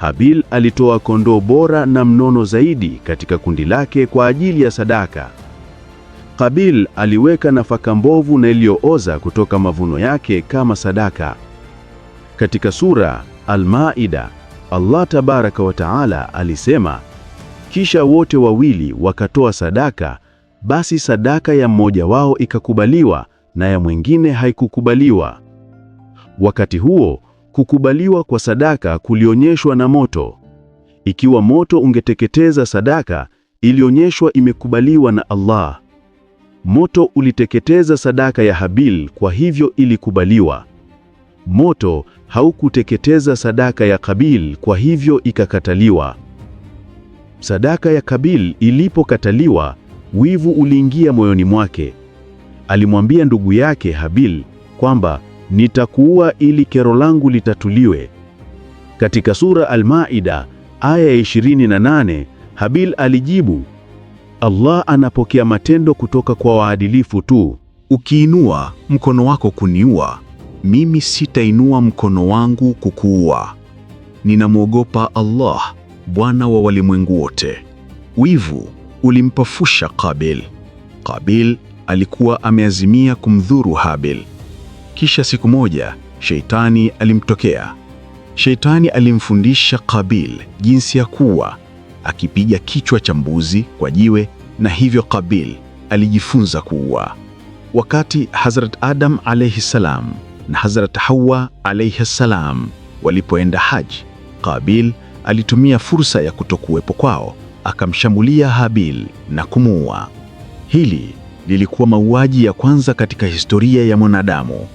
Habil alitoa kondoo bora na mnono zaidi katika kundi lake kwa ajili ya sadaka. Kabil aliweka nafaka mbovu na iliyooza kutoka mavuno yake kama sadaka. Katika sura Al-Maida, Allah tabaraka wa taala alisema, kisha wote wawili wakatoa sadaka, basi sadaka ya mmoja wao ikakubaliwa na ya mwingine haikukubaliwa. Wakati huo Kukubaliwa kwa sadaka kulionyeshwa na moto. Ikiwa moto ungeteketeza sadaka, ilionyeshwa imekubaliwa na Allah. Moto uliteketeza sadaka ya Habil, kwa hivyo ilikubaliwa. Moto haukuteketeza sadaka ya Kabil, kwa hivyo ikakataliwa. Sadaka ya Kabil ilipokataliwa, wivu uliingia moyoni mwake. Alimwambia ndugu yake Habil kwamba nitakuua ili kero langu litatuliwe. Katika sura Al-Maida aya ya 28, Habil alijibu, Allah anapokea matendo kutoka kwa waadilifu tu. Ukiinua mkono wako kuniua, mimi sitainua mkono wangu kukuua. Ninamwogopa Allah, Bwana wa walimwengu wote. Wivu ulimpafusha kabil kabil alikuwa ameazimia kumdhuru Habil. Kisha siku moja Sheitani alimtokea. Sheitani alimfundisha Kabil jinsi ya kuwa, akipiga kichwa cha mbuzi kwa jiwe, na hivyo Kabil alijifunza kuua. Wakati Hazrat Adam alayhi salam na Hazrat Hawa alayhi salam walipoenda haji, Kabil alitumia fursa ya kutokuwepo kwao akamshambulia Habil na kumuua. Hili lilikuwa mauaji ya kwanza katika historia ya mwanadamu.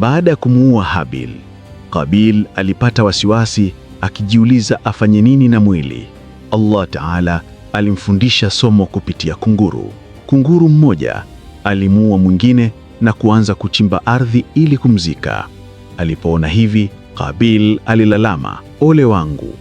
Baada ya kumuua Habil, kabil alipata wasiwasi akijiuliza afanye nini na mwili. Allah Taala alimfundisha somo kupitia kunguru. Kunguru mmoja alimuua mwingine na kuanza kuchimba ardhi ili kumzika. Alipoona hivi, kabil alilalama, ole wangu,